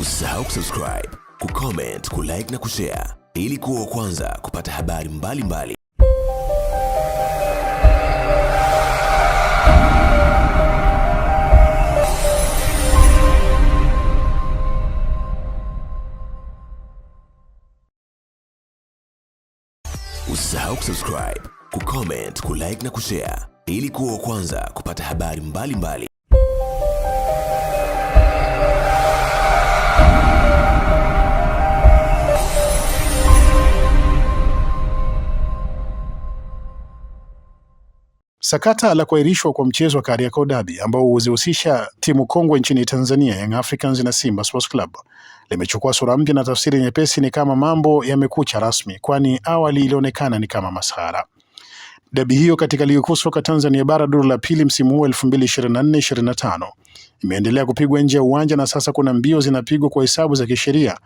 Usisahau kusubscribe, kucomment, kulike na kushare ili kuwa wa kwanza kupata habari mbalimbali mbali. Usisahau kusubscribe, kucomment, kulike na kushare ili kuwa wa kwanza kupata habari mbalimbali mbali. Sakata la kuahirishwa kwa mchezo wa Kariakoo Derby ambao huzihusisha timu kongwe nchini Tanzania Young Africans na Simba Sports Club limechukua sura mpya na tafsiri nyepesi ni kama mambo yamekucha rasmi, kwani awali ilionekana ni kama masahara. Dabi hiyo katika ligi kuu soka Tanzania bara duru la pili msimu huu elfu mbili na nne na tano imeendelea kupigwa nje ya uwanja na sasa kuna mbio zinapigwa kwa hesabu za kisheria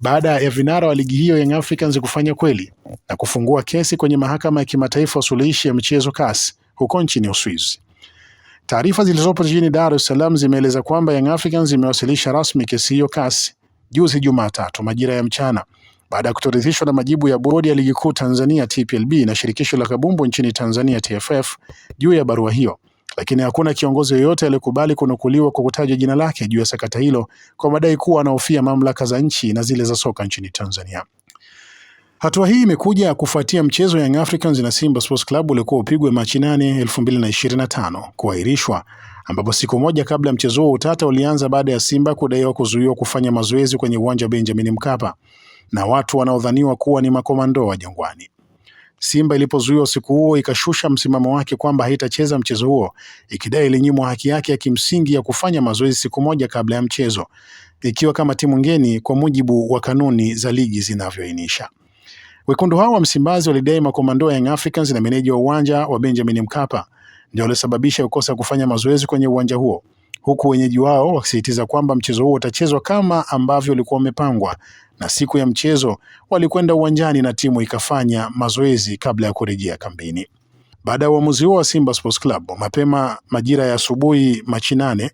baada ya vinara wa ligi hiyo Young Africans kufanya kweli na kufungua kesi kwenye mahakama ya kimataifa ya usuluhishi ya mchezo kasi huko nchini Uswizi. Taarifa zilizopo jijini Dar es Salaam zimeeleza kwamba Young Africans imewasilisha rasmi kesi hiyo kasi juzi Jumatatu majira ya mchana baada ya kutoridhishwa na majibu ya bodi ya ligi kuu Tanzania TPLB na shirikisho la kabumbu nchini Tanzania TFF juu ya barua hiyo, lakini hakuna kiongozi yoyote aliyekubali kunukuliwa kwa kutaja jina lake juu ya sakata hilo kwa madai kuwa anahofia mamlaka za nchi na zile za soka nchini Tanzania. Hatua hii imekuja kufuatia mchezo Young Africans na Simba Sports Club uliokuwa upigwe Machi 8, 2025 kuahirishwa, ambapo siku moja kabla ya mchezo huo utata ulianza baada ya Simba kudaiwa kuzuiwa kufanya mazoezi kwenye uwanja wa Benjamin Mkapa na watu wanaodhaniwa kuwa ni makomando wa Jangwani. Simba ilipozuiwa siku huo ikashusha msimamo wake kwamba haitacheza mchezo huo ikidai ilinyimwa haki yake ya kimsingi ya kufanya mazoezi siku moja kabla ya mchezo, ikiwa kama timu ngeni kwa mujibu wa kanuni za ligi zinavyoainisha. Wekundu hao wa Msimbazi walidai makomando ya Young Africans na meneja wa uwanja wa Benjamin Mkapa ndio waliosababisha kukosa kufanya mazoezi kwenye uwanja huo, huku wenyeji wao wakisisitiza kwamba mchezo huo utachezwa kama ambavyo ulikuwa umepangwa, na siku ya mchezo walikwenda uwanjani na timu ikafanya mazoezi kabla ya kurejea kambini. Baada ya uamuzi huo wa Simba Sports Club, mapema majira ya asubuhi Machi nane,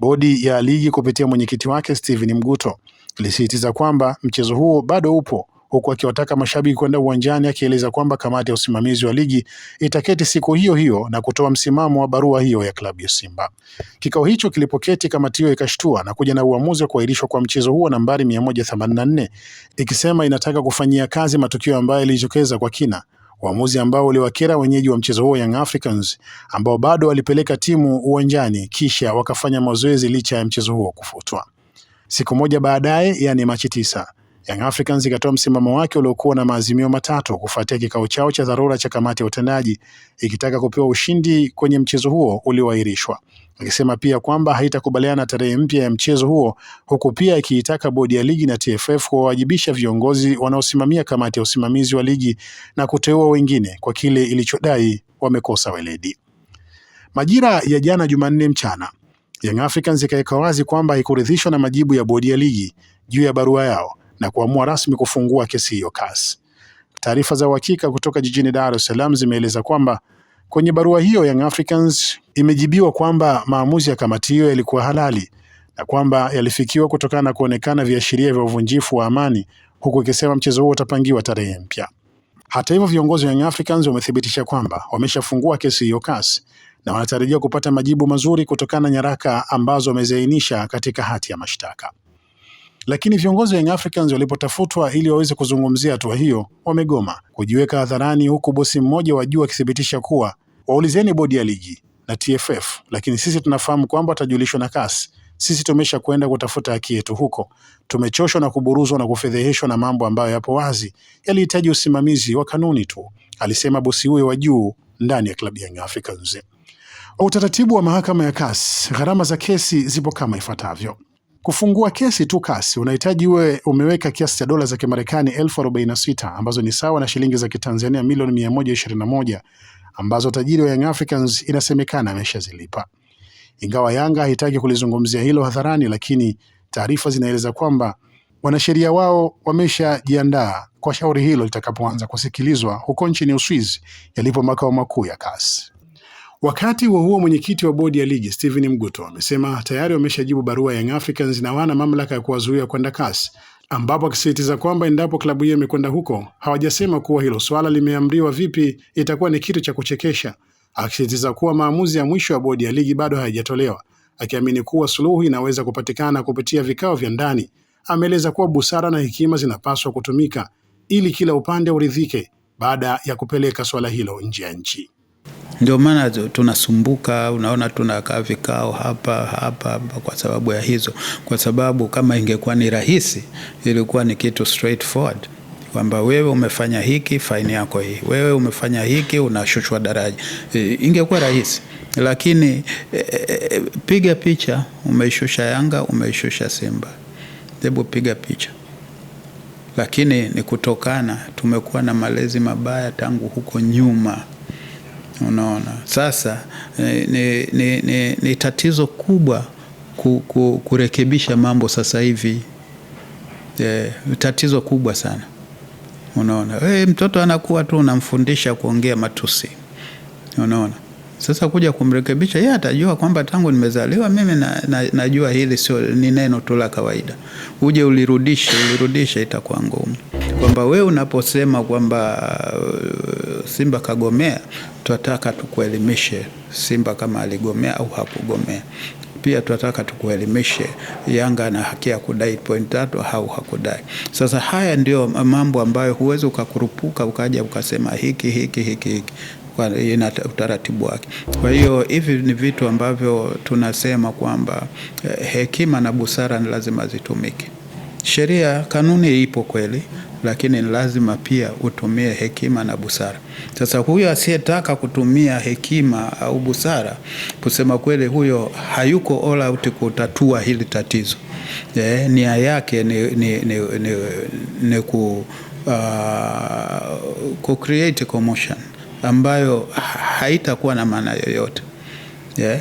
bodi ya ligi kupitia mwenyekiti wake Steven Mguto ilisisitiza kwamba mchezo huo bado upo huku akiwataka mashabiki kwenda uwanjani, akieleza kwamba kamati ya usimamizi wa ligi itaketi siku hiyo hiyo na kutoa msimamo wa barua hiyo ya klabu ya Simba. Kikao hicho kilipoketi, kamati hiyo ikashtua na kuja na uamuzi wa kuahirishwa kwa mchezo huo nambari 184 ikisema inataka kufanyia kazi matukio ambayo yalijitokeza kwa kina, uamuzi ambao uliwakera wenyeji wa mchezo huo Young Africans ambao bado walipeleka timu uwanjani kisha wakafanya mazoezi licha ya mchezo huo kufutwa. Siku moja baadaye, yani Machi tisa, Young Africans ikatoa msimamo wake uliokuwa na maazimio matatu kufuatia kikao chao cha dharura cha kamati ya utendaji ikitaka kupewa ushindi kwenye mchezo huo ulioahirishwa, ikisema pia kwamba haitakubaliana tarehe mpya ya mchezo huo, huku pia ikiitaka bodi ya ligi na TFF kuwawajibisha viongozi wanaosimamia kamati ya usimamizi wa ligi na kuteua wengine kwa kile ilichodai wamekosa weledi. Majira ya jana Jumanne mchana Young Africans ikaweka wazi kwamba haikuridhishwa na majibu ya bodi ya ligi juu ya barua yao na kuamua rasmi kufungua kesi hiyo CAS. Taarifa za uhakika kutoka jijini Dar es Salaam zimeeleza kwamba kwenye barua hiyo Young Africans imejibiwa kwamba maamuzi ya kamati hiyo yalikuwa halali na kwamba yalifikiwa kutokana na kuonekana viashiria vya uvunjifu wa amani, huku ikisema mchezo huo utapangiwa tarehe mpya. Hata hivyo, viongozi wa Young Africans wamethibitisha kwamba wameshafungua kesi hiyo CAS na wanatarajia kupata majibu mazuri kutokana na nyaraka ambazo wameziainisha katika hati ya mashtaka lakini viongozi wa Young Africans walipotafutwa ili waweze kuzungumzia hatua hiyo wamegoma kujiweka hadharani, huku bosi mmoja wa juu akithibitisha kuwa waulizeni bodi ya ligi na TFF, lakini sisi tunafahamu kwamba watajulishwa na CAS. Sisi tumesha kwenda kutafuta haki yetu huko. Tumechoshwa na kuburuzwa na kufedheheshwa na mambo ambayo yapo wazi, yalihitaji usimamizi wa kanuni tu, alisema bosi huyo wa juu ndani ya klabu ya Young Africans. Utaratibu wa mahakama ya CAS, gharama za kesi zipo kama ifuatavyo. Kufungua kesi tu kasi, unahitaji uwe umeweka kiasi cha dola za Kimarekani elfu arobaini na sita ambazo ni sawa na shilingi za Kitanzania milioni moja ambazo tajiri wa Young Africans inasemekana ameshazilipa. Ingawa Yanga haitaki kulizungumzia hilo hadharani, lakini taarifa zinaeleza kwamba wanasheria wao wameshajiandaa kwa shauri hilo litakapoanza kusikilizwa huko nchini Uswizi yalipo makao makuu ya kasi Wakati wa huo mwenyekiti wa bodi ya ligi Steven Mguto amesema tayari wameshajibu barua ya Young Africans na wana mamlaka ya kuwazuia kwenda CAS, ambapo akisisitiza kwamba endapo klabu hiyo imekwenda huko hawajasema kuwa hilo swala limeamriwa vipi, itakuwa ni kitu cha kuchekesha, akisisitiza kuwa maamuzi ya mwisho ya bodi ya ligi bado hayajatolewa, akiamini kuwa suluhu inaweza kupatikana kupitia vikao vya ndani. Ameeleza kuwa busara na hekima zinapaswa kutumika ili kila upande uridhike baada ya kupeleka swala hilo nje ya nchi. Ndio maana tunasumbuka, unaona, tunakaa vikao hapa hapa hapa kwa sababu ya hizo, kwa sababu kama ingekuwa ni rahisi, ilikuwa ni kitu straightforward kwamba wewe umefanya hiki, faini yako hii, wewe umefanya hiki, unashushwa daraja. E, ingekuwa rahisi, lakini e, e, e piga picha, umeishusha Yanga, umeishusha Simba, hebu piga picha. Lakini ni kutokana, tumekuwa na malezi mabaya tangu huko nyuma. Unaona, sasa eh, ni, ni, ni, ni tatizo kubwa ku, ku, kurekebisha mambo sasa hivi eh, tatizo kubwa sana. Unaona hey, eh, mtoto anakuwa tu unamfundisha kuongea matusi, unaona sasa kuja kumrekebisha yeye atajua kwamba tangu nimezaliwa mimi na, na, najua hili sio ni neno tu la kawaida. Uje ulirudishe ulirudishe, itakuwa ngumu kwamba we unaposema kwamba Simba kagomea, tunataka tukuelimishe Simba kama aligomea au hakugomea. Pia tunataka tukuelimishe Yanga ana haki ya kudai point tatu au hakudai. Sasa haya ndio mambo ambayo huwezi ukakurupuka ukaja ukasema hiki hiki hiki hiki ina utaratibu wake. Kwa hiyo hivi ni vitu ambavyo tunasema kwamba eh, hekima na busara ni lazima zitumike. Sheria, kanuni ipo kweli, lakini lazima pia utumie hekima na busara. Sasa huyo asiyetaka kutumia hekima au busara, kusema kweli, huyo hayuko all out kutatua hili tatizo. Eh, nia yake ni, ni, ni, ni, ni ku, uh, ku create commotion ambayo haitakuwa na maana yoyote. Yeah.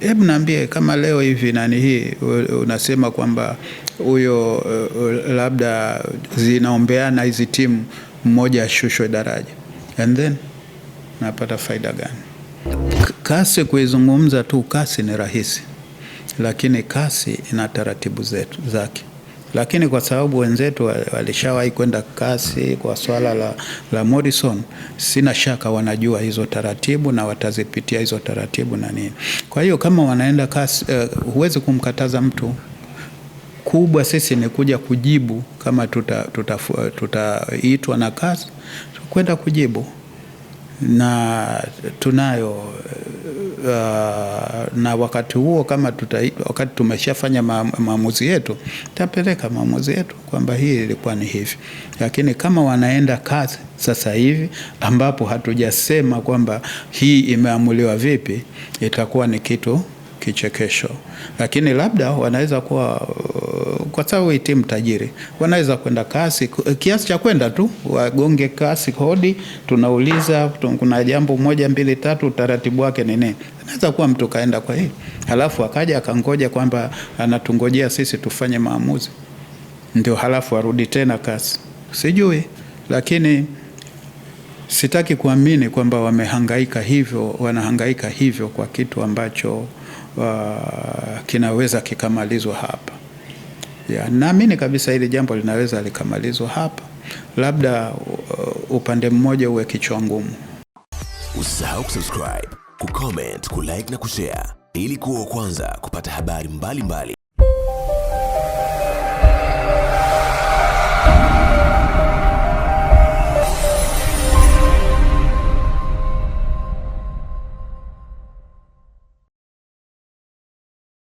Hebu naambie kama leo hivi nani hii unasema kwamba huyo eh, labda zinaombeana hizi timu, mmoja ashushwe daraja, and then napata faida gani? Kasi kuizungumza tu, kasi ni rahisi, lakini kasi ina taratibu zetu zake lakini kwa sababu wenzetu walishawahi kwenda kasi kwa swala la, la Morrison, sina shaka wanajua hizo taratibu na watazipitia hizo taratibu na nini. Kwa hiyo kama wanaenda kasi, uh, huwezi kumkataza mtu kubwa sisi ni kuja kujibu kama eh, tutaitwa tuta, tuta na kasi kwenda kujibu na tunayo uh, na wakati huo kama tuta, wakati tumeshafanya maamuzi yetu tapeleka maamuzi yetu kwamba hii ilikuwa ni hivi, lakini kama wanaenda kazi sasa hivi ambapo hatujasema kwamba hii imeamuliwa vipi, itakuwa ni kitu kichekesho, lakini labda wanaweza kuwa kwa sababu hii timu tajiri wanaweza kwenda kasi kiasi cha kwenda tu wagonge kasi hodi, tunauliza kuna jambo moja mbili tatu, utaratibu wake ni nini? Anaweza kuwa mtu kaenda kwa hii, halafu akaja akangoja kwamba anatungojea sisi tufanye maamuzi, ndio halafu arudi tena kasi, sijui, lakini sitaki kuamini kwamba wamehangaika hivyo, wanahangaika hivyo kwa kitu ambacho uh, kinaweza kikamalizwa hapa ya, naamini kabisa hili jambo linaweza likamalizwa hapa, labda uh, upande mmoja uwe kichwa ngumu. Usisahau kusubscribe, kucomment, kulike na kushare ili kuwa wa kwanza kupata habari mbalimbali mbali.